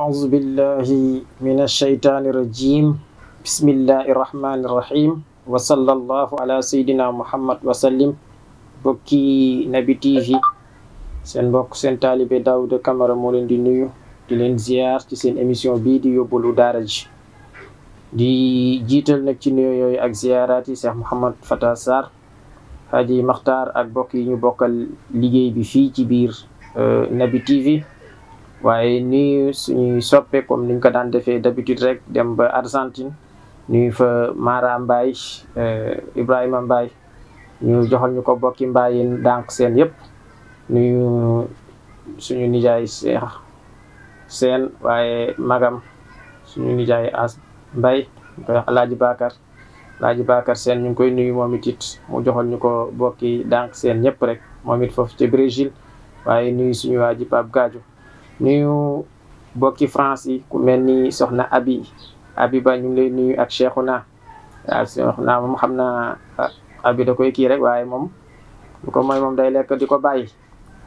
أعوذ بالله من الشيطان الرجيم بسم الله الرحمن الرحيم وصلى الله على سيدنا محمد bokki Naby TV seen mbokk seen taalibe Daouda Camara moo leen di nuyu di leen ziar ci seen émission bii di yóbbalu daara di jiital nag ci nuyu yooyu ak ziaraat yi Cheikh Mouhamad Fata Sarr ak bokk yi ñu bokkal liggéey bi fii ci biir euh, TV waaye nuyu suñuy soppe comme niñ ko daan defee d'habitude rek dem ba Argentine nuyu fa Mara Mbaye euh, Ibrahima mbaay ñu joxal ñu ko bokki mbaayin dànk seen yëpp nuyu suñu nijaay Cheikh seen waaye magam suñu nijaay As Mbaye ñu koy wax Alaaji Bakar seen ñu ngi koy nuyu moom it it mu joxal ñu ko bokki dànk seen ñëpp rek moom it foofu ci Brésil waaye nuyu suñu waa ji Pape Gadio nuyu bokki France yi ku mel ni soxna Abi Abiba ñu ngi lay nuyu ak Cheikhouna waaw Cheikhouna moom xam na Abi ah, da koy kii rek waaye moom lu ko mooy moom day lekk di ko bàyyi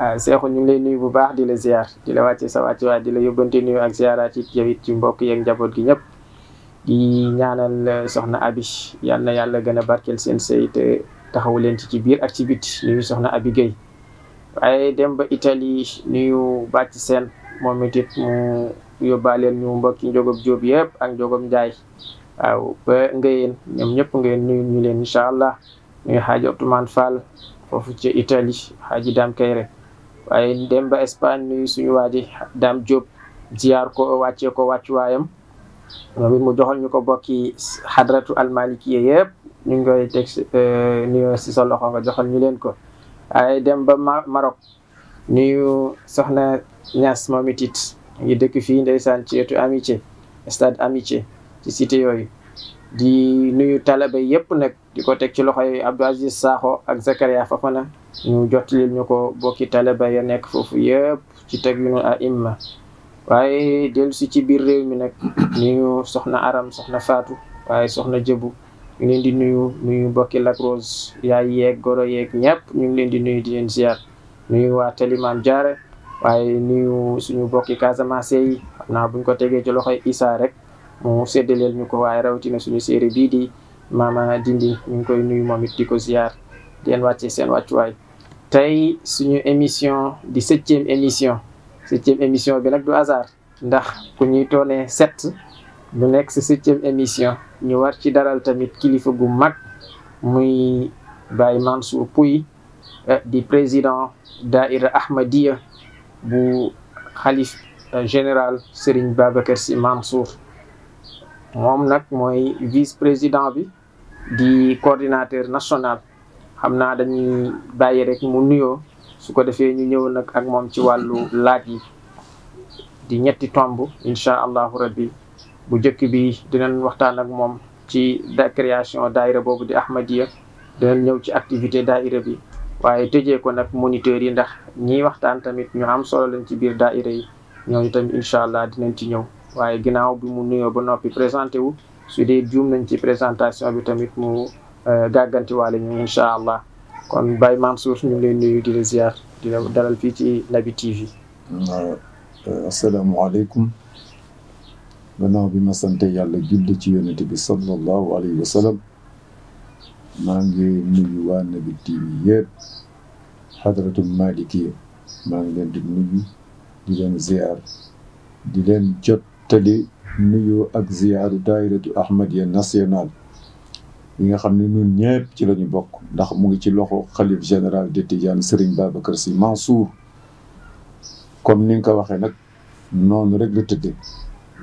waaw Cheikhou ñu ngi lay nuyu bu baax di la ziar di la wàcce sa wàcc waaye di la yóbbante nuyu ak ziara ci jawit ci mbokk yeeg njaboot gi ñëpp di ñaanal eh, soxna abi yal na yàlla gën a barkeel seen sëy te taxawu leen ci ci biir ak ci biti nuyu soxna abi Guèye waaye dem ba Italie nuyu bàcc seen moom it it mu yóbbaaleel ñu mbokki Njogob Jóob yëpp ak Njogob Njaay waaw ba ngayeen ñoom ñëpp ngeen nuyu ñu leen incha allah nuyu xaaji Abdourahmane Fall foofu ci Italie xaaji Daam Kayre waaye dem ba Espagne nuyu suñu waaji Daam Jóob ziyaar ko wàccee ko wàccuwaayam moom it mu joxal ñu ko bokki xadratu almalikiya yëpp ñu ngi koy teg euh, nu si sa loxo joxal ñu leen ko waaye dem ba Maroc nuyu Niass moom it it ngi dëkk fii ndeysaan ci wetu amitié stade amitié ci cité yooyu di nuyu talaba yëpp nag di ko teg ci loxo loxoy Abdou Aziz Sakho ak Zakaria Fofana ñu jottalil ñu ko bokki talaba ya nekk foofu yëpp ci teg yu a imma waaye dellu si ci biir réew mi nag nuyu soxna aram soxna faatu waaye soxna jébu ñu di nuyu nuyu bokki lakroos Rose yaay yeeg goro yeeg ñëpp ñu ngi leen di nuyu di leen ziar nuyu Jaare waaye nuyu suñu bokki Casamance xam naa buñ ko tegee ci loxoy Issa rek mu séddaleel ñu ko waaye rawatina suñu série bii di Mama Dindi ñu ngi koy nuyu moom it di ko ziar di leen seen seen wàccuwaay. tey suñu émission di septième émission septième émission bi nag du hasard ndax ku ñuy toonee set bu nekk si septième émission ñu war ci daral tamit kilifa gu mag muy bay Mansour Pouy eh, di président Daïra Ahmadiyya bu xalif euh, général Serigne Babacar Sy Mansour moom nag mooy vice président bi di coordinateur national xam naa dañuy bàyyi rek mu nuyoo su ko defee ñu ñëw nag ak moom ci wàllu laaj yi di ñetti tomb incha allahu rabbi bu njëkk bi dinañ waxtaan ak moom ci création daaira boobu di Ahmadiyya dinañ ñëw ci activité daaira bi waaye tëjee ko nag moniteurs yi ndax ñiy waxtaan tamit ñu am solo lañ ci biir daaira yi ñooñu tamit incha allah dinañ ci ñëw waaye ginnaaw bi mu nuyoo ba noppi présenté wu su dee juum nañ ci présentation bi tamit mu euh, gàggantiwaale ñu incha allah kon Baye Mansour ñu ngi lay nuyu di la ziar la dalal fii ci Naby TV. Euh, asalaamaaleykum. gannaaw bi ma sant yàlla julli ci yonent bi sallallahu alayhi wa sallam maa ngi nuyu waa Naby TV yëpp xadratul maliki maa ngi leen di nuyu di leen ziar di leen jottali nuyu ak ziaru daayiratu ahmadiya national yi nga xam ni ñun ñëpp ci la bokk ndax mu ngi ci loxo xalif général de Tidiane Serigne kër Sy Mansour comme ni nga ko waxee nag noonu rek la tëddee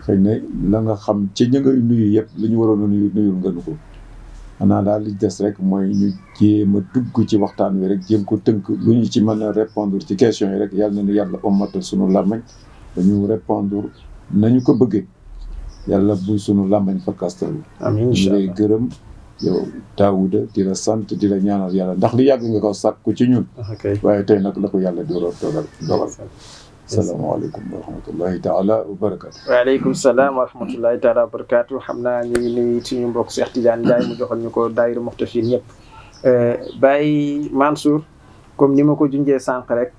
xëy na la nga xam ci ña ngay nuyu yëpp li ñu waroon a nuyul ngeen ko xanaa daal li des rek mooy ñu jéem a dugg ci waxtaan wi rek jéem ko tënk lu ñu ci mën a répondre ci question yi rek yàlla nañu yàlla ommatal sunu làmmañ dañu répondre nañu ko bëggee yàlla buy sunu làmmañ fakastal amiin ñu lay gërëm yow Daouda di la sant di la ñaanal yàlla ndax li yàgg nga ko sàkku ci ñun ah, waaye tey nag la ko yàlla di dogal dogal salaamaaleykum wa rahmatullahi taala wa barakaatu. waaleykum salaam wa rahmatullahi taala wa barakaatu xam naa ñu ngi nuyu suñu mbokk seex Tidiane Ndiaye mu joxal ñu ko daayira Muxtafin ñëpp. Eh, Baye Mansour comme ni ma ko junjee sànq rek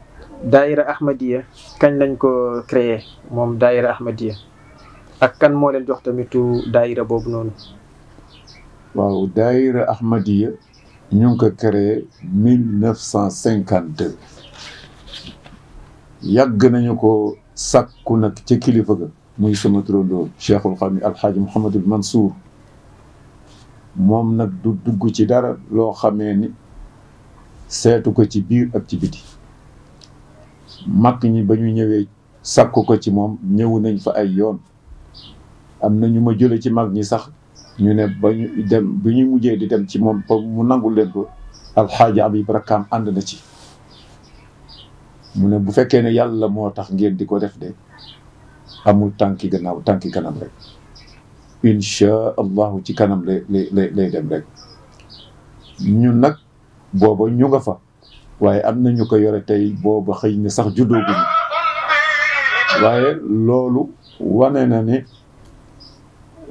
daayira Ahmadiyya kañ lañ ko créé moom daayira Ahmadiyya ak kan moo leen jox tamitu daayira boobu noonu. waaw ko créé mille yàgg nañu ko sàkku nag ci kilifa ga muy sama turandoo cheikhul xami alxaaji Mouhamadul Mansour moom nag du dugg ci dara loo xamee ni seetu ko ci biir ak ci biti mag ñi ba ñu ñëwee sàkku ko ci moom ñëw nañ fa ay yoon am na ñu ma jële ci mag ñi sax ñu ne ba ñu dem bi ñu mujjee di dem ci moom ba mu nangu leen ko alxaaji Habib Rakam ànd na ci mu ne bu fekkee ne yàlla moo tax ngeen di ko def de amul tànki gannaaw tànki kanam rek incha allahu ci kanam lay lay dem rek ñun nag booba ñu nga fa waaye am na ñu ko yore tey booba xëy na sax juddooguñu waaye loolu wane na ne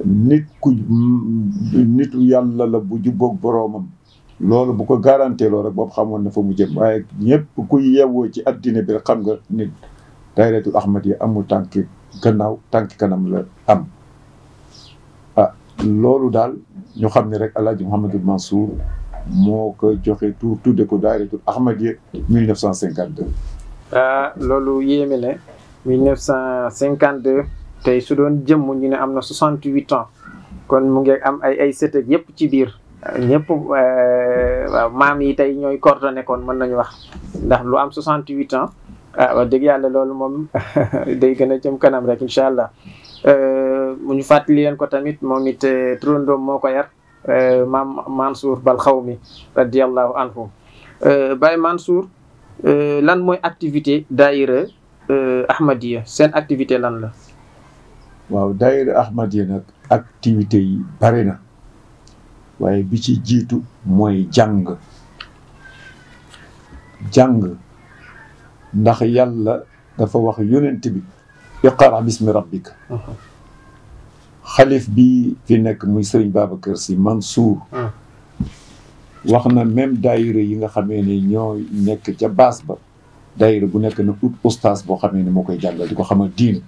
nit ku nitu yàlla la bu jubboog boroomam loolu bu ko garanté loo boobu xamoon na fa mu jëm waaye ñëpp kuy yewwoo ci addina bi xam nga nit dayratul ahmad yi amul tànki gannaaw tànki kanam la am ah loolu daal ñu xam ne rek alaaji mouhamadul mansour moo ko joxe tur tudde ko dayratul ahmad yi 1952 ah loolu yéeme ne 1952 tey su doon jëmm ñu ne am na 68 ans kon mu ngi am ay ay sët ak ci biir ñëpp euh, waaw maam yi tey ñooy coordonné kon man nañu wax ndax lu am 68 ans ah wax dëgg yàlla loolu moom day gën a jëm kanam rek incha allah euh, mu ñu fàttali leen ko tamit moom it euh, turandoom moo ko yar maam Mansour Bal Xawmi radiyallahu anhu Baye Mansour lan mooy activité daayira Ahmadiyya seen activité lan la. waaw daayira Ahmadiyya nag activité yi bari na. waaye bi ci jiitu mooy jàng jàng ndax yàlla dafa wax yonent bi iqara bismi uh-huh. xalif bi fi nekk muy sëriñ kër si Mansour uh-huh. wax na même daayira yi nga xamee ni ñoo nekk ca baas ba daayira bu nekk na ut ustaas boo xamee ne moo koy jàll di ko xamal diin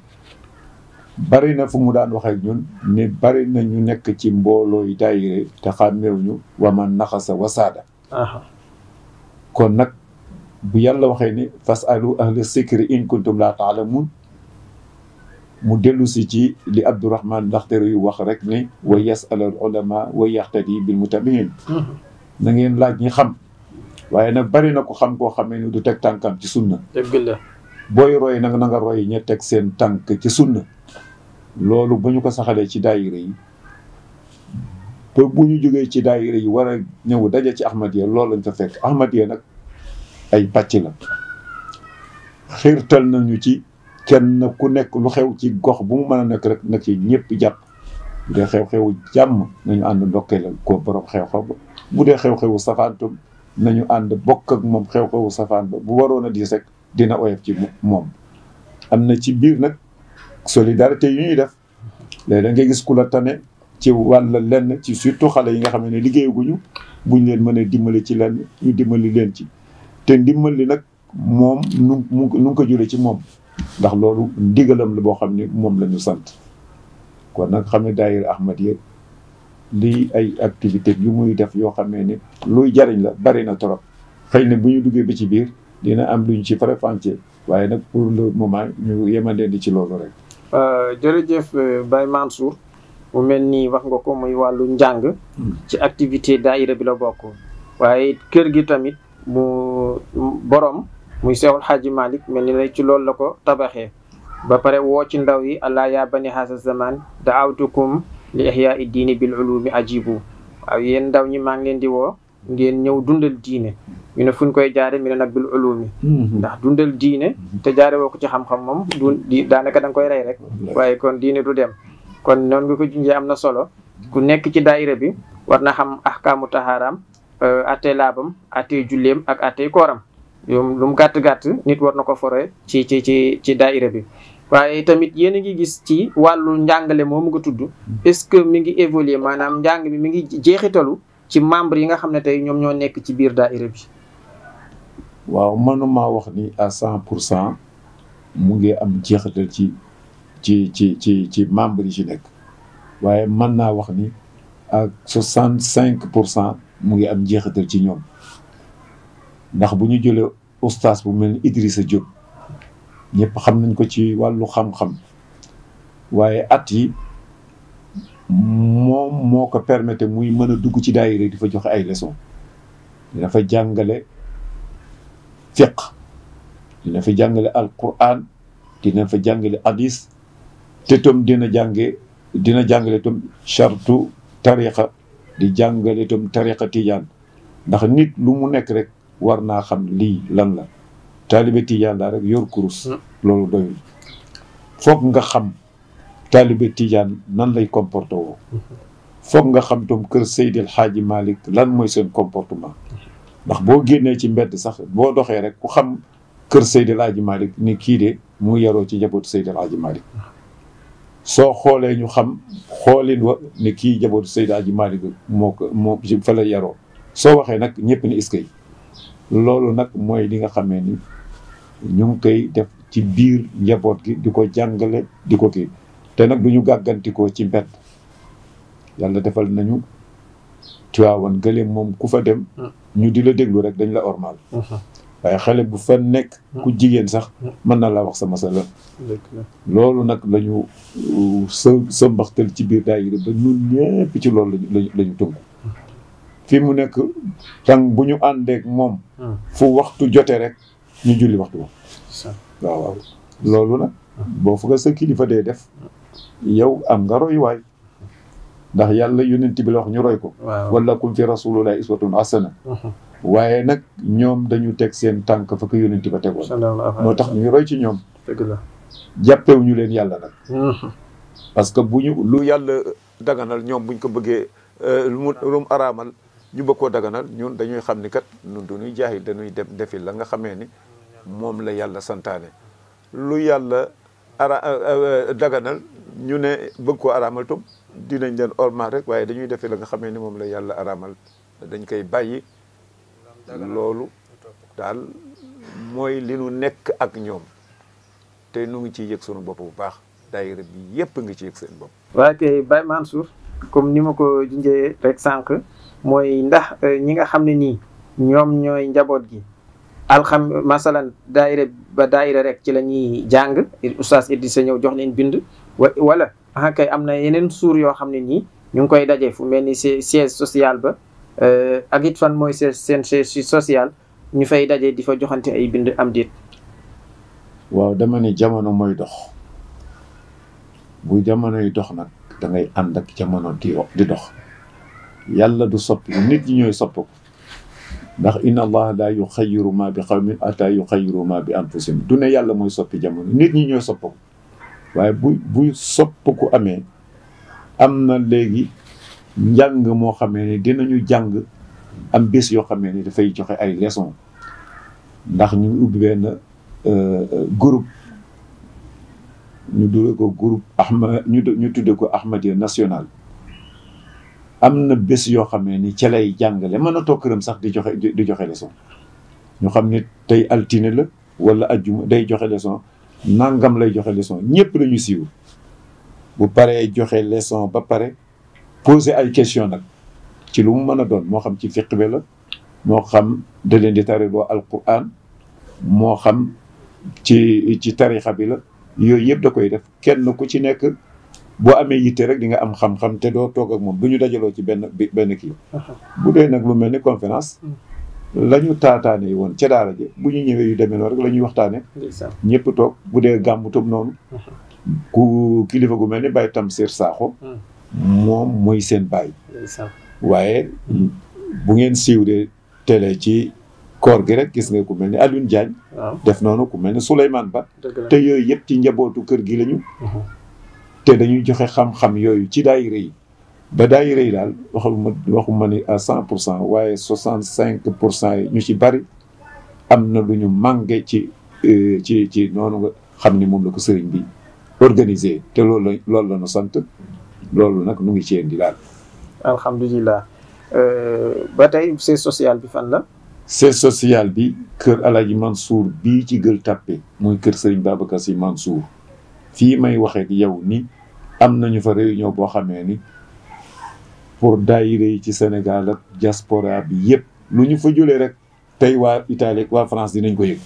bari na fu mu daan wax ñun ni bari na ñu nekk ci mbooloo yi daayire te xàmmeewuñu waman naxasa wasaada kon nag bu yàlla waxee ni fasalu ahla sikri in kuntum laa taalamun mu dellu si ci li abdourahman ndaxtere yu wax rek ni wa yasalal ulama wa yaxtadi bil mutabiin na ngeen laaj ñi xam waaye nag bari na ko xam koo xamee ni du teg tànkam ci sunna booy roy na nga roy ña teg seen tànk ci sunna loolu bu ñu ko saxalee ci daayira yi ba bu ñu jógee ci daayira yi war a ñëw daje ci Ahmadiyya loolu lañ fa fekk Ahmadiyya nag ay pàcc la xiirtal nañu ci kenn ku nekk lu xew ci gox bu mu mën a nekk rek na ci ñépp jàpp bu dee xew-xewu jàmm nañu ànd ndokkeelal ko borom xew-xew bu dee xew-xewu safaantum nañu ànd bokk ak moom xew-xewu safaan ba bu waroon a diis rek dina oyof ci moom am na ci biir nag solidarité yu ñuy def léegi da gis ku la tane ci wàll lenn ci surtout xale yi nga xam ne liggéeyaguñu bu buñ leen mënee a ci lenn ñu dimbali leen ci te dimbali nag moom nu mu ko jure ci moom ndax loolu ndigalam la boo xam ne moom la ñu sant kon nag xam ne daayira Ahmadiyya lii ay activité yu muy def yoo xamee ne luy jariñ la bari na trop xëy na bu ñu duggee ba ci biir dina am luñ ci faram waaye nag pour le moment ñu yemandeen di ci loolu rek Euh, jërëjëf euh, Baye Mansour mu mel nii wax nga ko muy wàllu njàng ci activité daayira bi la bokk waaye kër gi tamit mu borom muy Seexul Xaaji Malick mel ni lay ci loolu la ko tabaxee ba pare woo ci ndaw yi allah yaa bani haasa zaman daawtukum li ihyaa diini bil ulumi ajibu waaw yéen ndaw ñi maa ngi leen di woo ngeen ñëw dundal diine ñu ne fu ñu koy jaare mi ne nag bil ulumi mhm. ndax dundal diine te jaare woo ko ci xam-xam moom du di daanaka da koy rey rek waaye kon diine du dem kon noonu nga ko junjee am na solo ku nekk ci daayira bi war na xam ahkaamu tahaaraam euh, attee laabam attee julleem ak attee koram yoom lum mu gàtt-gàtt nit war na ko fore ci ci ci ci daayira bi waaye tamit yéen a ngi gis ci wàllu njàngale moomu nga tudd mhm. est-ce que mi ngi évoluer maanaam njàng mi mi ngi jeexitalu ci membre yi nga xam ne tey ñoom ñoo nekk ci biir daayira bi waaw mënumaa wax ni à cent pour cent mu ngi am jeexital ci ci ci ci ci membre yi ci nekk waaye mën naa wax ni ak soixante cinq pour cent mu ngi am jeexital ci ñoom ndax bu ñu jëlee ustaas bu mel ni Idrissa Diop ñëpp xam nañ ko ci wàllu xam-xam waaye at yi moom moo ko permettre muy mën a dugg ci daayira di fa joxe ay leçon dina fa jàngale fiq dina fa jàngale alquran dina fa jàngale hadis te tam dina jànge dina jàngale tam chartu tariqa di jàngale tam tariqa tijaan ndax nit lu mu nekk rek war naa xam lii lan la taalibe tijaan daa rek yor kurus hmm. loolu doyul foog nga xam taalibe Tijaan nan lay comporté woo mhm. foog nga xam tam kër Seydil Xaaji malik lan mooy seen comportement ndax boo génnee ci mbedd sax boo doxee rek ku xam kër Seydil Xaaji malik ni kii de mu yaroo ci njabootu Seydil Xaaji Malick soo xoolee ñu xam xoolin wa ni njabootu Seydil Xaaji moo ko moo fa la yaroo soo waxee nag ñëpp ni iskay loolu nag mooy li nga xamee ni ñu ngi koy def ci biir njaboot gi di ko jàngale di ko kii te nag du ñu gàggantikoo ci mbedd yàlla defal nañu Tiwaawan gële moom ku fa dem mm. ñu di la déglu rek dañ la ormal mm-hmm. waaye xale bu fa nekk mm. ku jigéen sax mm. mën na laa wax sa masala loolu nag lañu ñu sa uh, sa mbaxtal ci biir daayira ba ñun ñëpp ci lool lañu la ñu fii mu nekk tàng bu ñu àndeek moom fu waxtu jote rek ñu julli waxtu moom waaw waaw loolu nag boo fa sa kilifa dee def yow am nga royuwaay ndax yàlla yonent bi la ñu roy ko wala kum fi rasulillahi uswatun hasana mhm. waaye nag ñoom dañu teg seen tànk fa ko yonent ba tegoon moo tax mu ñuy roy ci ñoom jàppewu ñu leen yàlla nag mhm. parce que bu ñu lu yàlla daganal ñoom buñ ko bëggee euh, lu mu lu araamal ñu bëgg koo daganal ñun dañuy xam ni kat ñun du ñuy jaahil dañuy dem la nga xamee ni moom la yàlla santaane lu yàlla ara euh, euh, euh, daganal ñu ne bëgg koo araamal tam leen orma rek waaye dañuy defee la nga xamee ni moom la yàlla araamal dañ koy bàyyi loolu daal mooy li nu nekk ak ñoom te nu ngi ciy yëg sunu bopp bu baax daayira bi yépp ngi ci yëg seen bopp waa kay Baye Mansour comme ni ma ko junjee rek sànq mooy ndax ñi nga xam ne nii ñoom ñooy njaboot gi alxam masalan daaira ba daaira rek ci la ñuy jàng oustaz Idrissa ñëw jox leen bind wala ah kay am na yeneen suur yoo xam ne nii ñu ngi koy daje fu mel ni siège sociale ba euh, ak it fan mooy seen siège social ñu fay daje di fa joxante ay bind am déet waaw dama ne jamono mooy dox bu jamono yi dox nag da ngay ànd ak jamono di di dox yàlla du soppi nit ñi ñooy ndax inna allah la yuxayiru ma bi xawmin ata yuxayiru ma bi anfusihim du ne yàlla mooy soppi jamono nit ñi ñooy soppaku waaye bu bu soppaku amee am na léegi njàng moo xamee ne dinañu jàng am bis yoo xamee ne dafay joxe ay leçon ndax ñu ubbi benn euh, euh, groupe ñu tuddee ko groupe ahma ñu tuddee ko ahmadiyya national am na bés yoo xam ne ni ca lay jàngale mën a took këram sax di joxe di joxe leçon ñu xam ne tey altine la wala ajjuma day joxe leson nangam lay joxe leçon ñëpp la ñu siiw bu paree joxe leçon ba pare poser ay question nag ci lu mu mën a doon moo xam ci fiq bi la moo xam da leen di tariloo alquran moo xam ci ci tarixa bi la yooyu yëpp da koy def kenn ku ci nekk boo amee yitte rek di nga am xam-xam te doo toog ak moom du ñu dajaloo ci benn benn kii. bu dee nag lu mel ni conférence. Mm. lañu ñu taataane woon ca daara ji bu ñu ñëwee yu demee noonu ñuy waxtaanee. ñëpp toog bu dee gàmmu tam ku kilifa gu mel ni Baye Tamsir Sakho. Mm. moom mooy seen baay. waaye bu ngeen siiwee télé ci koor gi rek gis nga ku mel ni Alioune Diagne. def noonu ku mel ni Souleymane Ba. te yooyu yëpp ci njabootu kër gi lañu. Mm-hmm. te dañuy joxe xam-xam yooyu ci daayira yi ba daayira yi daal waxuma waxuma ni à cent pour cent waaye soixante cinq pour cent yi ñu ci bari am na lu ñu màngee ci euh, ci ci noonu nga xam ni moom la ko sëriñ bi organisé te lool la loolu la sant loolu nag nu ngi ci indi daal. alhamdulilah euh, ba tey c'est sociale bi fan la. c'est social bi kër Alaaji Mansour bii ci Gueule Tapée muy kër sëriñ Babacar Sy Mansour. fii may waxee yow nii am nañu fa réunion boo xamee ni pour daayira yi ci Sénégal ak diaspora bi yépp lu ñu fa jëlee rek tey waa Italie waa France dinañ ko yëg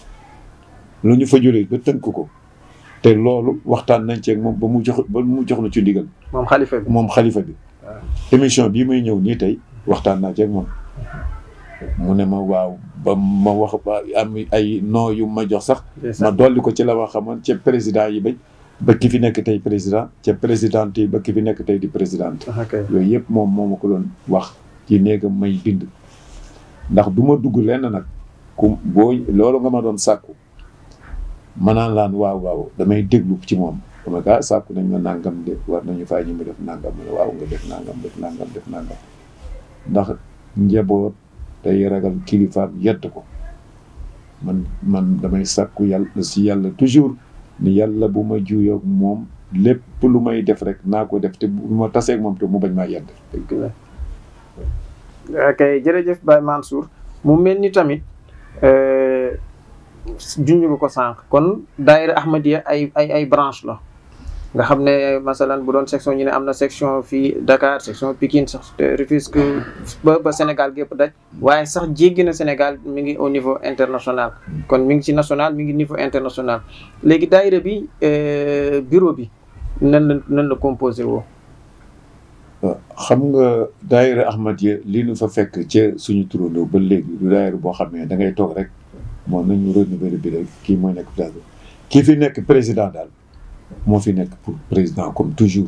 lu ñu fa jëlee ba tënk ko te loolu waxtaan nañ ceeg moom ba mu jox ba mu jox na ci diggal moom xalifa bi moom xalifa bi. Ah. émission bii may ñëw nii tey waxtaan naa ceeg moom. mu ne ma waaw ba ma wax ay noo yu ma jox sax. ma dolli ko ci la wax xamoon ci président yi bañ. ba ki fi nekk tey président ca présidente yi ba ki fi nekk tey di présidente ah, yooyu yëpp moom moo ma ko doon wax ci néegam may bind ndax du ma dugg lenn nag ku boo loolu nga ma doon sàkku manaan laan waaw waaw damay déglu ci moom dama kaa ah, sàkku nañ ma nàngam de war nañu faa ñu ma def nàngam waaw nga def nàngam ndax njaboot day ragal kilifaam yedd ko man man damay sàkku yàlla si yàlla toujours ni yàlla bu ma juyoog moom lépp lu may def rek naa ko def te bu ma taseeg moom te mu bañ maa yedd. dëgg la ok jërëjëf Baye Mansour mu mel ni tamit euh, junj nga ko sànq kon daayira Ahmadiyya ay ay ay branche la. nga xam ne masalan bu doon section ñu ne am na section fii Dakar section Pikine sax Rufisque ba ba Sénégal gépp daj waaye sax jéggi na Sénégal mi ngi au niveau international kon mi ngi ci national mi ngi niveau international léegi daayira bi euh, bureau bi nan la nan la composé woo xam nga daayira Ahmadiyya li ñu fa fekk ca suñu turandoo ba léegi du daayira boo xam ne da ngay toog rek moom nañu renouveler bi rek kii mooy nekk place kii fi nekk président daal moo fi nekk pour président comme toujours.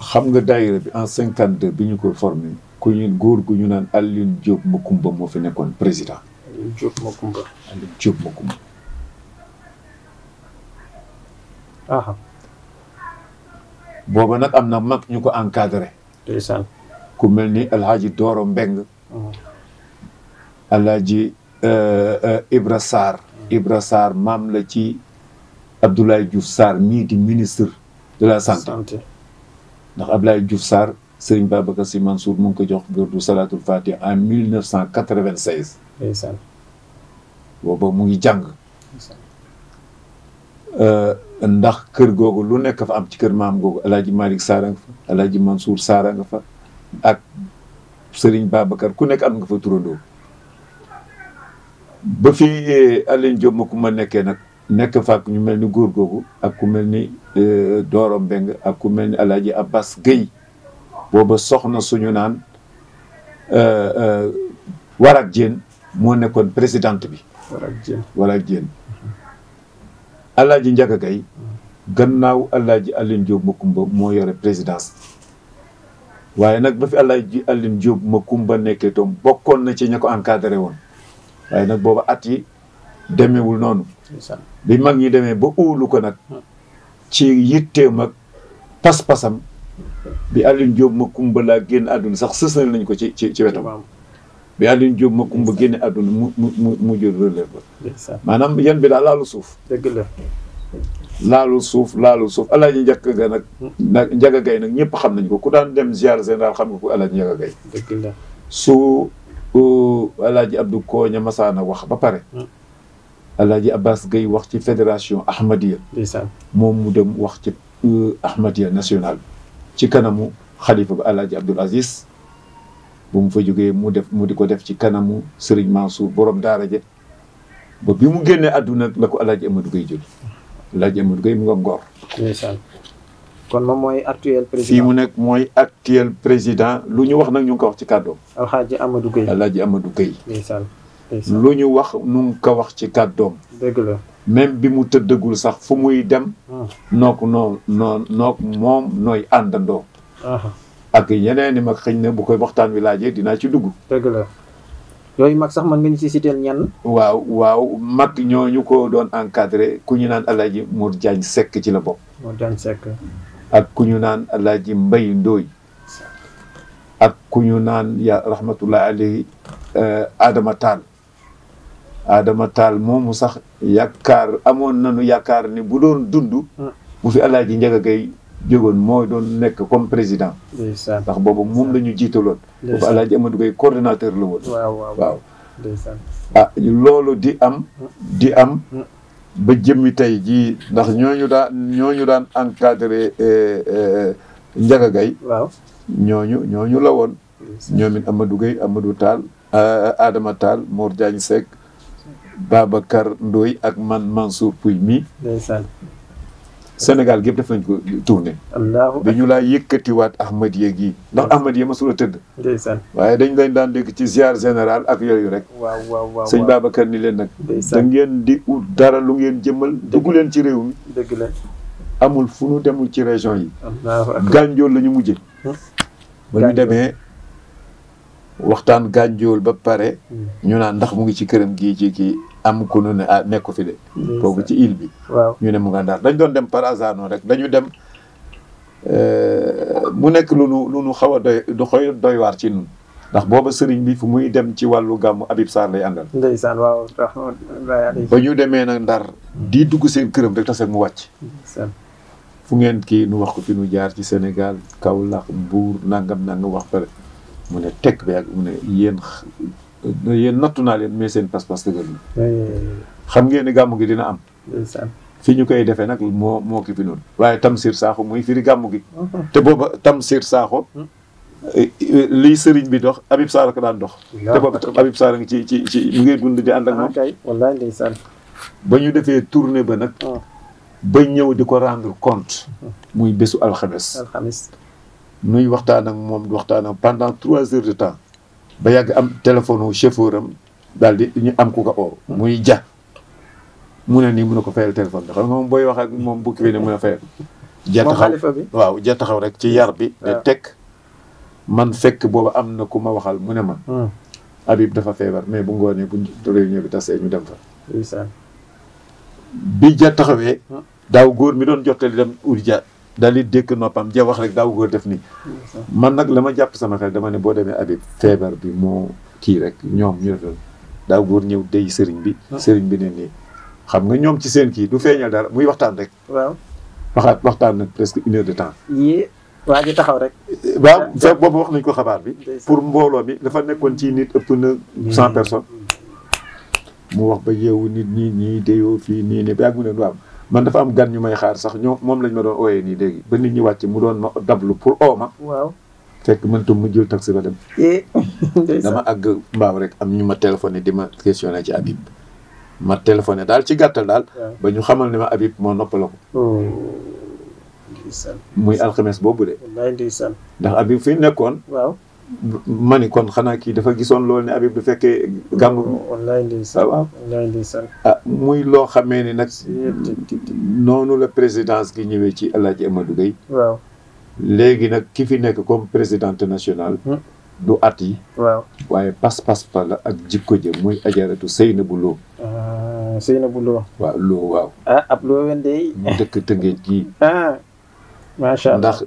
xam nga daayira bi en cinquante deux bi ñu ko formé. ku ñu góor gu ñu naan Alioune Diop Macoumba moo fi nekkoon président. Alioune Diop Macoumba. Alioune Diop booba nag am na mag ñu ko encadré. ndeysaan. ku mel ni El Hadj Doro Mbeng. El Hadj euh, euh, Ibra maam la ci. Abdoulaye Diouf saar mii di ministre de la santé ndax Abdoulaye Diouf Sarr sëriñ Babacar Sy Mansour mu ngi ko jox wirdu Salatul Fatiha en 1996. ndeysaan booba mu ngi jàng. Euh, ndax kër googu lu nekk fa am ci kër maam googu El Hadj Malick a nga fa El Hadj Mansour nga fa ak Serigne Babacar ku nekk am nga fa turandoo. ba fi eh, Alioune Diop ma ku ma nekkee nag. nekk fa ak ñu mel ni góor googu ak ku mel ni euh, Doro Mbeng ak ku mel ni Alaaji Abbas Guèye booba soxna suñu naan war euh, euh, Warak Dieng moo nekkoon présidente bi Warak Dieng Alaaji Njaga Guèye gannaaw Alaaji Aline Diop Makumba moo yore présidence waaye nag ba fi Alaaji Aline Diop Makumba nekkee toom bokkoon na ci ña ko encadré woon waaye nag booba at yi demewul noonu bi mag ñi demee ba óolu ko nag ci yitteem ak pas-pasam bi ma Diop Macoumba laa génn àdduna sax sësal nañ ko ci ci ci wetam bi Alioune Diop Macoumba génne àdduna mu mu mu mu jël relève ba maanaam yan bi daal laalu suuf dëgg la laalu suuf laalu suuf alaaji njàkk ga nag hmm. nag njaga gay nag ñëpp xam nañ ko ku daan dem ziar général xam nga ko alaaji njaga gay dëgg la su alaaji Abdou Koña Masaana wax ba pare hmm. Alaaji Abbas Gueye wax ci fédération Ahmadiyya moom mu dem wax ci Ahmadiyya national ci kanamu xalifa ba Alaaji Abdul Aziz bu mu fa jógee mu def mu di ko def ci kanamu Serigne Mansour borom daara je ba bi mu génnee àdduna la ko Alaaji Amadou Gueye jël Alaaji Amadou Gueye mu nga Ngor kon moom mooy actuel président fii mu nekk mooy actuel président lu ñu wax nag ñu ngi ko wax ci kàddoom Alaaji Amadou Gueye Alaaji Amadou Gueye lu ñu wax nu ko wax ci kàddoom dëgg la bi mu tëddagul sax fu muy dem ah. nook noo noo moom nooy àndandoo ak yeneen i mag xëñ na bu koy waxtaan wi laajee dinaa ci dugg dëgg la yooyu mag sax man nga ñu si citeel ñenn waaw waaw mag ñu ko doon encadré ku ñu naan alaaji Mor Diagne sekk ci la bopp Mor Diagne Seck ak ku ñu naan alaaji Mbay Ndooy ak ku ñu naan ya rahmatullah aadama euh, Adama Adama taal moomu sax yaakaar amoon na nañu yaakaar ni bu doon dundu ah. bu fi El ji Ndiaga Gueye jógoon mooy doon nekk comme président. ndax boobu moom lañu ñu jiitaloon. boobu El Hadj Amadou Gueye coordonnateur la woon. waaw ah, loolu di am. Ah. di am. ba jëmmi tey jii ndax ñooñu daan ñooñu daan encadré eh, eh, Ndiaga Gueye. waaw ñooñu ñooñu la woon. ñoom it Amadou taal Amadou Tall eh, Adama Tall Mor Diagne Seck. Babacar Ndoye ak man Mansour Pouy mi Sénégal gépp def nañ ko tourné dañu laa yëkkatiwaat Ahmadiyya gi ndax Ahmadiyya ma su la tëdd waaye dañ leen daan dégg ci ziar général ak yooyu rek waaw waaw waaw sëñ Babacar ni leen nag da ngeen di ut dara lu ngeen jëmmal dugg leen ci réew mi dëgg amul fu nu demul ci région yi gànjool lañu ñu mujje hmm? ba ñu demee waxtaan gànjool ba pare. Hmm. ñu naan ndax mu ngi ci këram gii ci ki am ku nu ne ah nekku fi de. kooku hmm. ci île bi. waaw ñu ne mu nga ndaar dañ doon dem par noonu rek dañu dem euh, mu nekk lu nu lu nu xaw a doy doy waar ci nun ndax booba sëriñ bi fu muy dem ci wàllu gàmmu Habib Sarr lay àndal. ndeysaan waaw ba ñu demee nag ndar hmm. di dugg seen këram rek tase mu wàcc. fu ngeen kii nu wax ko fi nu jaar ci Sénégal Kaolack Mbour nangam nangam wax pare. mu ne tekk bi ak mu ne yéen yéen nattu naa leen mais seen pas-pas dëgër na xam ngeen ni gàmm gi dina am fi ñu koy defee nag moo moo ki fi noonu waaye Tamsir Sakho muy fiiri gàmmu gi te booba Tamsir Sakho hmm. eh, eh, lii sëriñ bi dox Habib Sarr ko daan dox te booba Habib Sarr ngi ci ci ci mu ngi dund di ànd ak moom ah, wallaay ndeysaan ba ñu defee tournée ba nag ah. ba ñëw di ko rendre compte hmm. muy bésu alxames alxames nuy waxtaan ak moom waxtaan ak pendant trois heures de temps ba yàgg am téléphone wu chauffeur di ñu am ku ko oo muy ja mu ne nii mun a ko fayal téléphone bi xam booy wax ak moom bukki bi ne mun waaw ja rek ci yar bi ne ah. man fekk boobu am na ku ma waxal mu ne ma ah. dafa feebar mais bu ngoonee bu réunion bi tasee ñu ah. daaw góor mi doon jottali dem uri ja daal di dégg noppam jee wax rek daaw góor def nii. man nag la ma jàpp sama xel dama ne boo demee Habib feebar bi moo kii rek ñoom ñu def daaw góor ñëw dey sëriñ bi. Ah. sëriñ bi ne nii. xam nga ñoom ci seen kii du feeñal dara muy waxtaan rek. waaw waxaat waxtaan nag presque une heure de waa ji taxaw rek. waaw fekk boobu wax nañ ko xabaar bi. pour mbooloo mi dafa nekkoon ci nit ëpp na cent mm. personnes. mu wax ba yeewu nit ñi ñii deyoo fii nii nii ba ak mu ne waaw. man dafa am gan ñu may xaar sax ñoo moom lañu ma doon ooyee nii léegi ba nit ñi wàcc mu doon ma dablu pour oo ma. waaw fekk man itam jul jël taxi ba dem. dama àgg mbaaw rek am ñu ma téléphoné di ma questionné ci Habib. ma téléphoné daal ci gàttal daal. ba ñu xamal ne ma Habib moo noppaloo oh. muy alxames boobu de. ndax Habib fi nekkoon. waaw. ma ni kon xanaa kii dafa gisoon loolu ne abi du fekkee gàmmu bi. wallaay ah, ah, muy loo xamee ni nag. noonu la présidence gi ñëwee ci El Hadj Amadou Gueye. waaw léegi nag ki fi nekk comme présidente nationale. Hmm. du at yi. waaw waaye pas-pas fa ak jikko jë muy ajaratu Seynabou Lo. Ah, Seynabou Lo. waaw Lo waaw. ab Lo wendey. mu dëkk Tëngéej gii. ah macha allah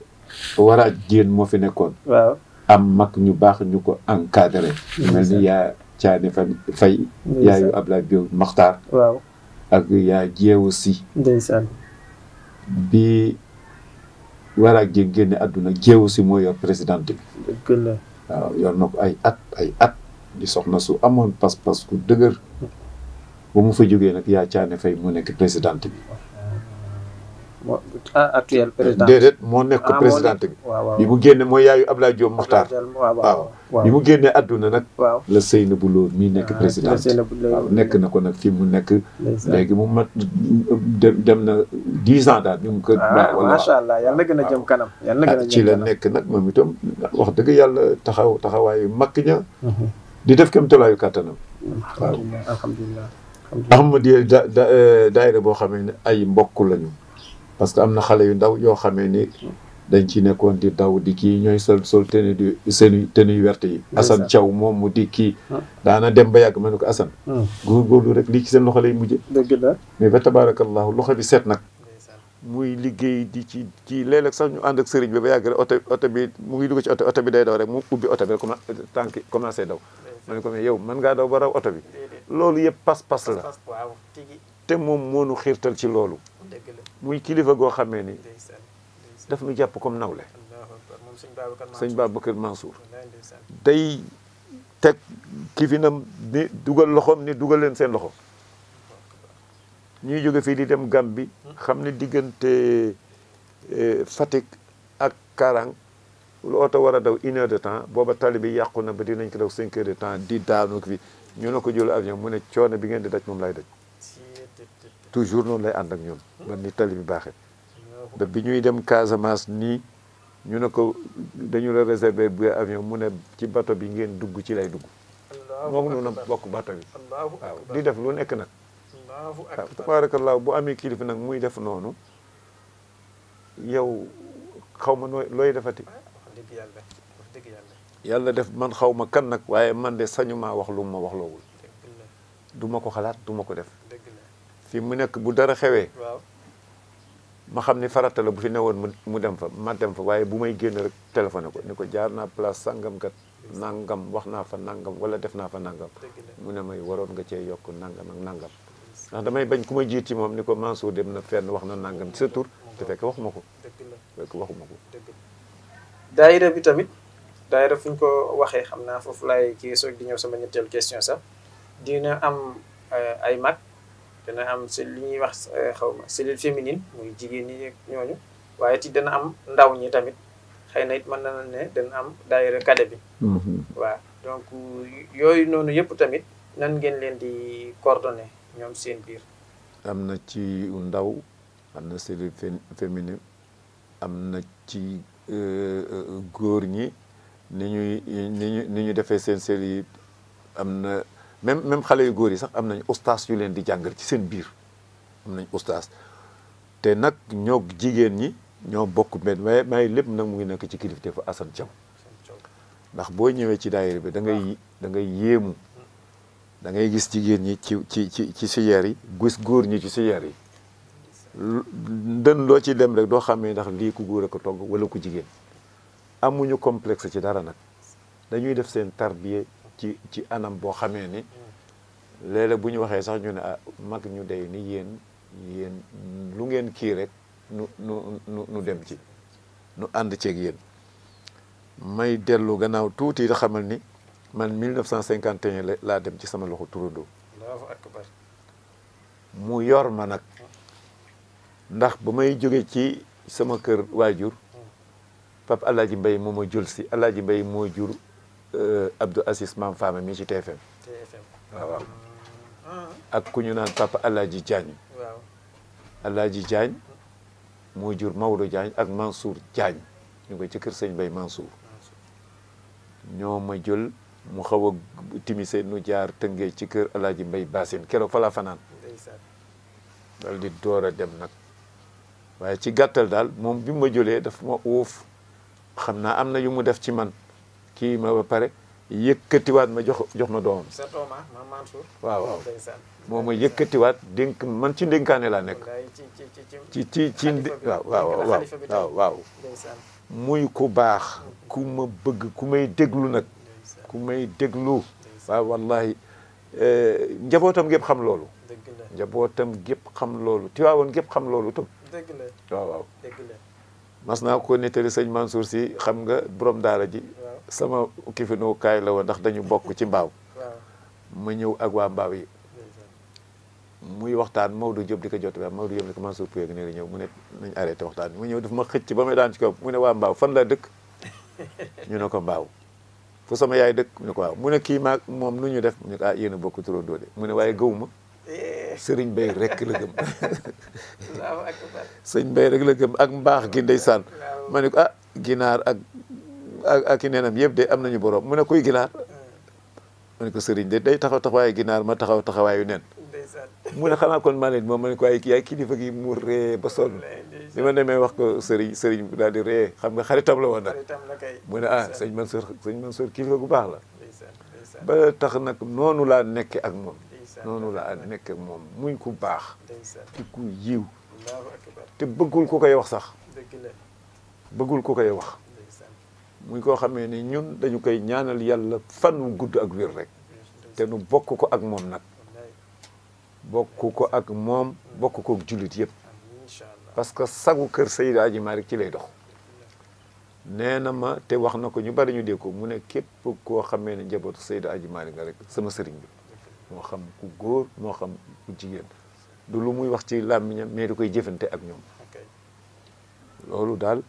ndax moo fi nekkoon. waaw. am mag ñu baax ñu ko encadré mel ni yaa caane fa fay yaayu Ablaye Bio Maxtaar waaw ak yaa jeewu si ndeysaan bi waraag jéeg génne àdduna jeewu si moo yor présidente bi waaw yor na ko ay at ay at di soxna su amoon pas-pas ku dëgër mm. ba mu fa jógee nag yaa caane fay mu nekk présidente bi Ah, actuel président déedéet moo nekk ah, présidente bi bi mu génne mooy yaayu Abdoulaye Diop Mokhtar waaw bi mu génnee adduna nag la Seynabou Lo mii nekk ah, présidente waaw nekk na ko nag fii mu nekk léegi mu mat dem na dix ans daal ñu ngi ko waaw macha allah gën a jëm kanam yàlla gën a nekk nag moom itam wax dëgg yàlla taxaw taxawaayu mag ña mhm. di def kem tolaayu kàttanam waaw alhamdulilah ahmad yi eh, da eh, daayira boo xamee ne ay mbokk lañu parce que am na xale yu ndaw yoo xamee ni dañ ci nekkoon di daw di kii ñooy sol sol tenue du te tenue werte yi Assane Thiaw moom mu di kii ah. daana dem ba yàgg ma ne ko Assane ah. góorgóorlu rek lii ci seen loxo lay mujje dëgg la mais ba tabaarakallaahu loxo bi seet nag muy liggéey di ci kii léeg-léeg sax ñu ànd ak sëriñ bi ba yàgg rek oto bi mu ngi dugg ci oto oto bi day daw rek mu ubbi oto bi rek tànk loolu yëpp pas-pas la te moom moonu xiirtal ci loolu muy kilifa goo xamee ni daf nu jàpp comme nawle sëñ Babacar Mansour day teg kifinam ni dugal loxoom ni dugal leen seen loxo ñuy jóge fii di dem Gàmbi xam ne diggante e, Fatick ak Karang lu oto war a daw une heure de temps booba tali bi na ba dinañ ko daw cinq heures de temps di daanu fi ñu ne ko jël avion mu ne coono bi ngeen di daj moom laay daj toujours noonu lay ànd ak ñun ba ni tali bi baaxee ba bi ñuy dem Casamance nii ñu ne ko dañu la réserver bu avion mu ne ci bato bi ngeen dugg ci lay dugg moom noonu bokk bato bi waaw def lu nekk nag waaw tabaarakallaahu bu amee kilifa nag muy def noonu yow xaw ma nooy looy defati ah, yàlla def man xaw ma kan nag waaye man de sañu ma wax lu ma wax loowul du ko xalaat du ma ko def fi mu nekk bu dara xewee. waaw ma xam ni farata la bu fi newoon mu dem fa ma dem fa waaye bu may génn rek téléphoné ko ni ko jaar naa place sangam kat nangam wax naa fa nangam wala def naa fa nangam. mu ne may waroon nga cee yokk nangam ak nangam. ndax damay bañ ku ma jiit ci moom ni ko Mansour dem na fenn wax na nàngam ci sa tur te fekk waxuma ko. fekk waxuma ko. daayira bi tamit daayira fu ñu ko waxee xam naa foofu laay kii soog di ñëw sama ñetteel question sax dina am euh, ay mag. dana am cellule li ñuy wax euh, xaw ma cellule féminine muy jigéen ñi ñooñu waaye it dana am ndaw ñi tamit xëy na it mën na ne dana am daayira kade bi mm-hmm. waa donc yooyu noonu yëpp tamit nan ngeen leen di coordonner ñoom seen biir am na ci ndaw am na cellule féminine am na ci euh, euh, góor ñi ni ñuy ni ñu defee seen cellule am na même même xale yu góor yi sax am nañu ustaas yu leen di jàngal ci seen biir am nañ ustaas te nag ñoo jigéen ñi ñoo bokk benn waaye may lépp nag mu ngi nekk ci kilifte fa Assane Thiam ndax boo ñëwee ci daayira bi dangay ngay da ngay yéemu da ngay gis jigéen ñi ci ci ci ci siyeer yi gis góor ñi ci siyeer yi ndën loo ci dem rek doo xamee ndax lii ku góor a togg wala ku jigéen amuñu complexe ci dara nag dañuy def seen tarbiye ci ci anam boo xamee ni léeg bu ñu waxee sax ñu ne ah mag ñu day ni yéen yéen lu ngeen kii rek nu nu nu dem ci nu ànd ceeg yéen may dellu gannaaw tuuti da xamal ni man 1951 la laa dem ci sama loxo turandoo mu yor ma nag ndax ba may jóge ci sama kër waajur pap alaaji mbay moo ma jël si alaaji mbay moo jur euh, Abdou Aziz Mam Fama mi ci TFM waaw ak ku ñu naan papa Alaaji jaañ waaw Alaaji Diagne moo jur Maodo jaañ ak Mansour Diagne ñu ko ci kër sëñ mbay Mansour ñoo ma jël mu xaw a timise nu jaar tëngee ci kër ji Mbay Basin keroog fa laa fanaan dal di door a dem nag waaye ci gàttal daal moom bi ma jëlee daf ma uuf xam naa am na yu mu def ci man kii ma ba pare yëkkatiwaat ma jox jox ma doomam. sa tooma ah, ma Mansour. waaw waaw moom ma yëkkatiwaat dénk man ci ndénkaane laa nekk. ci ci ci waaw waaw waaw waaw muy ku baax. ku ma bëgg ku may déglu nag. ku may déglu. waaw wallahi eh, njabootam gépp xam loolu. njabootam gépp xam loolu Tiwaawoon gépp xam loolu tam. dëgg la waaw waaw. mas naa ko nettali sëñ Mansour si xam nga borom daara ji. sama kifinukaay la woon ndax dañu bokk ci mbaaw ma ñëw ak waa mbaaw yi muy waxtaan Maodo Diop di ko jot ba Maodo Diop di ko Mansour Pouye ne la ñëw mu ne nañ arrêté bi mu ñëw daf ma xëcc ba may daan ci kaw mu ne waa mbaaw fan la dëkk ñu ne ko mbaaw fu sama yaay dëkk mu ne ko waaw mu ne kii maa moom nu ñu def mu ne ko ah yéen a bokk turandoo de mu ne waaye gëw ma eh. sëriñ bay rek la gëm sëriñ bay rek la gëm ak mbaax gi ndeysaan ma ne ko ah ginaar ak ak i neenam yëpp de am nañu boroom mu ne kuy ginaar mu ne ko sëriñ de day taxaw taxawaayu ginaar ma taxaw taxawaayu nen mu ne xanaa kon maa leen moom ma ne ko ay yaay kilifa gi mu ree ba sonn li ma demee wax ko sëriñ sëriñ daal di ree xam nga xaritam la woon nag mu a ah sëñ Mansour sëñ Mansour kilifa gu baax la ba tax nag noonu laa nekke ak moom noonu laa nekke moom muy ku baax di ku yiw te bëggul ku koy wax sax bëggul ku koy wax muy koo xamee ni ñun dañu koy ñaanal yàlla fan wu gudd ak wér rek te nu bokk ko ak moom nag bokk ko ak moom bokk ko ak jullit yëpp parce que sagu kër Seydi Aji Malick ci lay dox nee na ma te wax na ko ñu bari ñu dee ko mu ne képp koo xamee ne njabootu Seydi Aji nga rek sama sëriñ bi moo xam ku góor moo xam ku jigéen du lu muy wax ci làmmiñam mais du koy jëfante ak ñoom loolu daal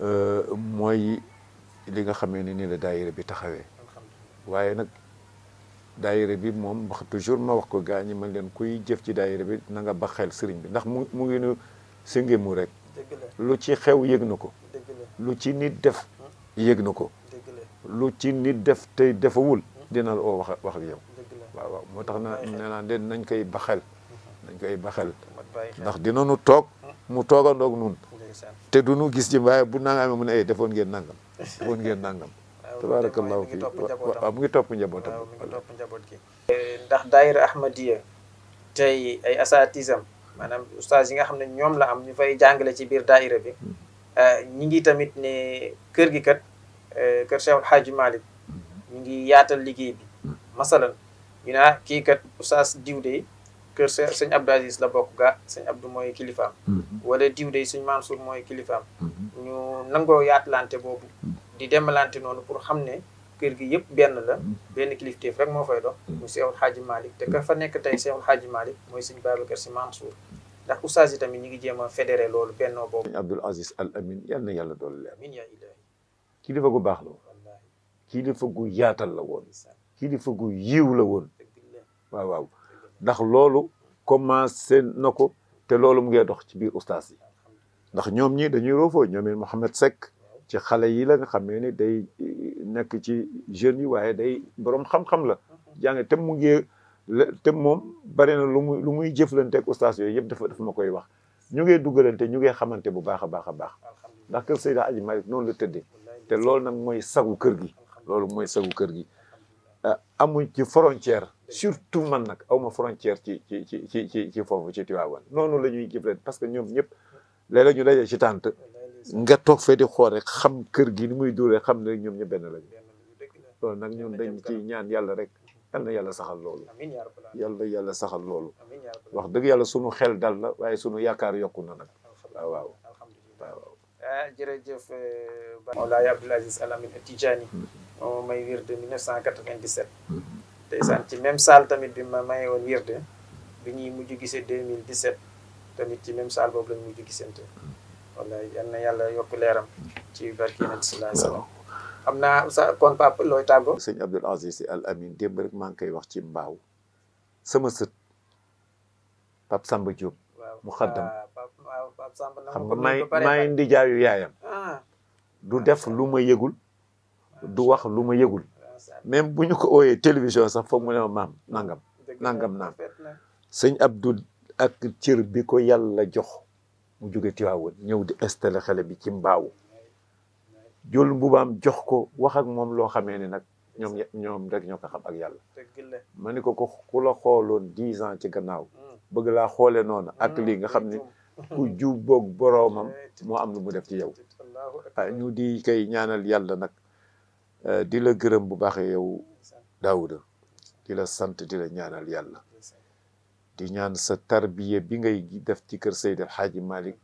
Euh, mooy li nga xamee ne ni la daayira bi taxawee waaye nag daayira bi moom wax toujours ma wax ko gaa ñi man leen kuy jëf ci dayire bi nanga baxel ba sëriñ bi ndax mu mu ngi nu mu rek lu ci xew yëg na ko lu ci nit def yëg na ko lu ci nit def tey defawul dina la oo wax wax ak waaw moo tax na nee naa leen nañ koy baxel nañ koy baxel ndax dina nu toog mu toogandoog nun te du nu gis ci waaye bu nanga amee mu ne ay eh, defoon ngeen nangam defoon ngeen nangam tabarakallahu fi waaw mu ngi topp njabootam mu njaboot gi ndax daayira ahmadiya tey ay asatisam maanaam ustaas yi nga xam ne ñoom la am ñu fay jàngale ci biir daayira bi hmm. eh, ñi ngi tamit ne kër gi kat eh, kër Cheikh El Hadji hmm. ngi yaatal liggéey bi hmm. masalan ñu naa ah, kii kat ustaas diw kër sëñ Abdou Aziz la bokk gaa sëñ Abdou mooy kilifaam mhm. wala diw day sëñ Mansour mooy kilifaam mhm. ñu nangoo yaatlante boobu mhm. di demalante noonu pour xam ne kër gi yëpp benn la benn kilifteef rek moo fay dox mu Seexul Xaaji Malick te ka fa nekk tey Seexul Xaaji Malick mooy sëñ Babacar Si Mansour ndax u yi tamit ñu ngi jéem a fédéré loolu bennoo boobu sëñ Abdul Aziz Al Amin yal na yàlla dool leer kilifa gu baax la woon kilifa gu yaatal la woon kilifa ndax loolu commencé na ko te loolu mu ngee dox ci biir ustaas yi ndax ñoom ñii dañuy roofoo ñoom it Mouhamed Seck ci xale yi la nga xam ne ni day eh, nekk ci jeunes yi waaye day borom xam-xam la jàng te mu ngi te moom bari na lu muy lu muy jëflanteeg ustaas yooyu yëpp dafa dafa ma koy wax ñu ngi dugalante ñu ngi xamante bu baax a baax a baax ndax kër Seydi Aji Malick noonu la tëddee te loolu nag mooy sagu kër gi loolu mooy sagu kër gi Euh, amuñ ci frontière surtout man nag awma frontière ci ci ci ci ci ci foofu ci Tivaouane noonu la ñuy jëflante parce que ñoom ñëpp léeg-léeg ñu daje ci tànt nga toog fee di xool rek xam kër gi ni muy duuree xam ne ñoom ñëpp benn lañu loolu nag ñun dañ ci ñaan yàlla rek yal na yàlla saxal loolu yal na yàlla saxal loolu wax dëgg yàlla sunu xel dal na waaye sunu yaakaar yokku na nag waaw waaw waaw eh, jërëjëf eh, Mawlaay Abdul Aziz Al Amine moo may wirde 1997. Mm-hmm. ndeysaan ci même salle tamit bi ma maye woon wirde bi ñuy mujj gisee 2017 tamit ci même salle boobu lañ mujj gisante. Mm-hmm. wallaay yal na yàlla yokk leeram mm-hmm. ci barke Yonent sallallahu alayhi naa sa looy tàggoo. sëñ Abdoul Aziz Sy Al Amine démb rek maa ngi koy wax ci mbaaw sama sët Pape Samba Diop. mu xaddam ah, xam nga may may ndijaayu yaayam. Ah. du def lu ma yëgul. du wax lu ma yegul même bu ñu ko ooyee télévision sax foog mu ne ma maam nangam nangam naam sëñ Abdou ak cër bi ko yàlla jox mu jóge Tiwaawoon ñëw di installé xale bi ci mbaawu jol mbubaam jox ko wax ak moom loo xamee ne nag ñoom ñoom rek ñoo ko xam ak yàlla ma ni ko ko ku la xooloon dix ans ci gannaaw hmm. bëgg laa xoole noonu ak hmm, lii nga xam ne ku jubboog boroomam moo am lu mu def ci yow ah, ñu di kay ñaanal yàlla nag Eh, di la gërëm bu baax yow Daouda di la sant di la ñaanal yalla di ñaan sa tarbiye bi ngay def ci kër Seydi El Hadji Malick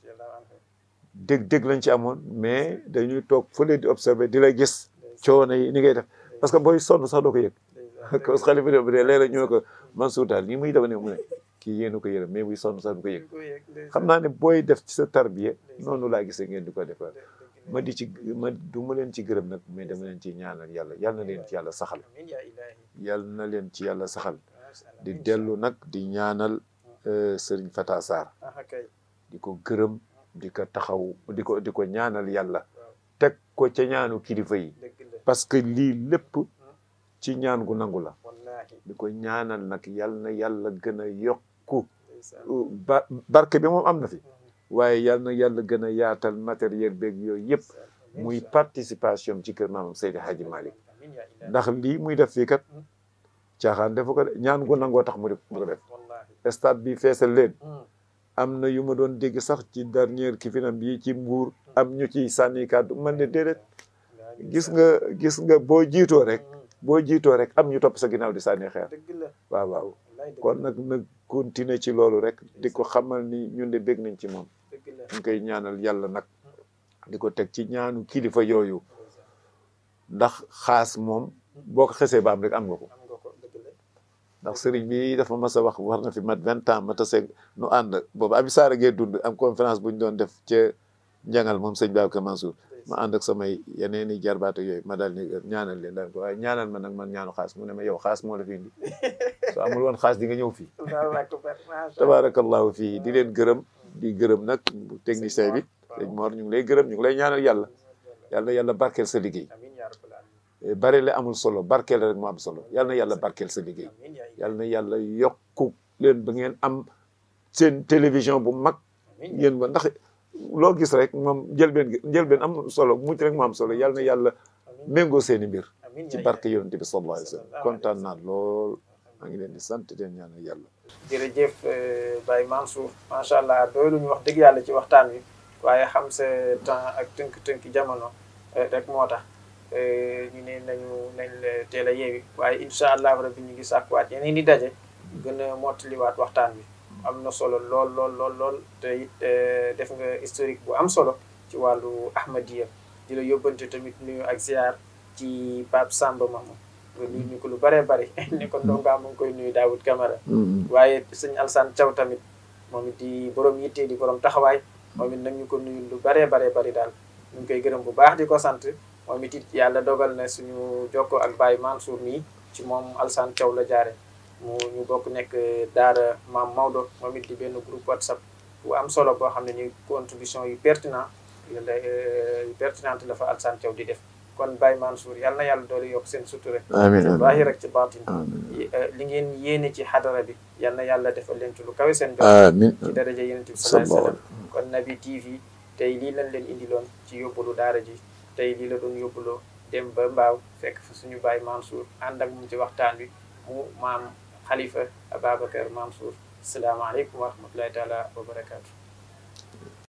dég dég lañ ci amoon mais dañuy toog fële di observer di la gis coono yi ni ngay def parce que booy sonn sax doo ko yëg parce que bi de léeg-léeg ñu ne ko daal nii muy def ne mu kii yéenu ko yërëm mais buy sonn sax du ko naa ne booy def ci sa tarbiye noonu laa gisee ngeen di ko defal ma di ci ma du ma leen ci gërëm nag mais dama leen ci ñaanal yàlla yàlla na leen ci yàlla saxal na leen ci yàlla saxal di dellu nag di ñaanal euh, Serigne Fata Sarr di ko gërëm di ko taxaw di ko di ko ñaanal yàlla teg ko ca ñaanu kilifa yi parce que lii lépp ci ñaan gu nangu la di ko ñaanal nag yàlla na yàlla gën a yokku ba bi moom am na fi waaye yal na yàlla gën a yaatal matériel beeg yooyu yëpp muy participation ci kër maamam Seydi Hadji Malick ndax lii muy def fii kat hmm? caaxaan defu ko de ñaan gu nangoo tax mu di mu ko def stade bi feesal leen hmm. am na yu ma doon dégg sax ci dernier ki finam bii ci mbuur hmm. am ñu ci sànni kàddu man ne déedéet gis nga gis nga boo jiitoo rek boo jiitoo rek am ñu top sa ginnaaw di sànni xeer kon nag nag continuer ci loolu rek di ko xamal ni ñun de bég nañ ci moom ñu koy ñaanal yàlla nag di ko teg ci ñaanu kilifa yooyu ndax xaas moom boo ko xesee ba am rek am nga ko ndax sëriñ bi dafa mas a wax war na fi mat vingt ans ma tase nu ànd boobu abi saara gee dund am conférence bu ñu doon def ca njangal moom sëñ Babacar Mansour ma ànd ak samay yeneen i jarbaat yooyu ma daal ni ñaanal leen daal ko waaye ñaanal ma nag man ñaanu xaas mu ne ma yow xaas moo la fi indi soo amul woon xaas di nga ñëw fii tabaarakallahu fii di leen gërëm di gërëm nag technicien bi sëñ Mor ñu ngi lay gërëm ñu ngi lay ñaanal yàlla yàlla yàlla barkeel sa liggéey eh, bare amul solo barkeel rek mu am solo yàlla na yàlla barkeel sa liggéey yàlla na yàlla yokku leen ba ngeen am seen télévision bu mag ngeen ba ndax loo gis rek moom njëlbeen gi njëlbeen am solo mucc rek moo am solo yàlla na yàlla méngoo seen mbir ci barke yonent bi sallallahu alayhi wa sallam kontaan naa lool maa ngi di sant di leen ñaanal yàlla jërëjëf eh, Baye Mansour macha allah doy lu ñu wax dëgg yàlla ci waxtaan wi waaye xam sa ak tënk-tënk jamono eh, rek moo tax eh, ñu ne nañu nañ la teel a yeewi waaye incha allah rabbi ñu ngi sàkkuwaat yeneen di daje gën a mottaliwaat waxtaan wi am na solo lool lool lool lool te it def nga historique bu am solo ci wàllu ahmadiya di la yóbbante tamit nuyu ak ziar ci Pape Samba Mamadou nga nuyu ñu ko lu bëree bëri ni ko ndongaa mu ngi koy nuyu Daoud Camara mm-hmm. waaye sëñ Alsaan caw tamit moom it di borom yitte di borom taxawaay moom it nag ñu ko nuyu lu bëree bëree bëri daal ñu koy gërëm bu baax di ko sant moom it it yàlla dogal na suñu jokkoo ak Baye Mansour mii ci moom Alsaan Thiaw la jaaree mu ñu bokk nekk daara maam Maodo moom it di benn groupe whatsapp bu am solo boo xam ne ni contribution yu pertinent euh, yu pertinente la fa Alassane Thiaw di def kon Baye Mansour yal na yàlla doole yokk seen sutura amiin amiin baaxi rek ci baatin euh, li ngeen yéene ci xadara bi yal na yàlla defal leen ci lu kawe seen amiin ci daraja yonent bi sallallahu alayhi wasallam kon bi TV tey lii lañ leen indiloon ci yóbbalu daara ji tey lii la doon yóbbuloo dem ba mbaaw fekk fa suñu Baye Mansour ànd ak mu ci waxtaan wi mu xalifa Ababacar Mansour salaamaaleykum wa rahmatullahi taala wa barakaatu.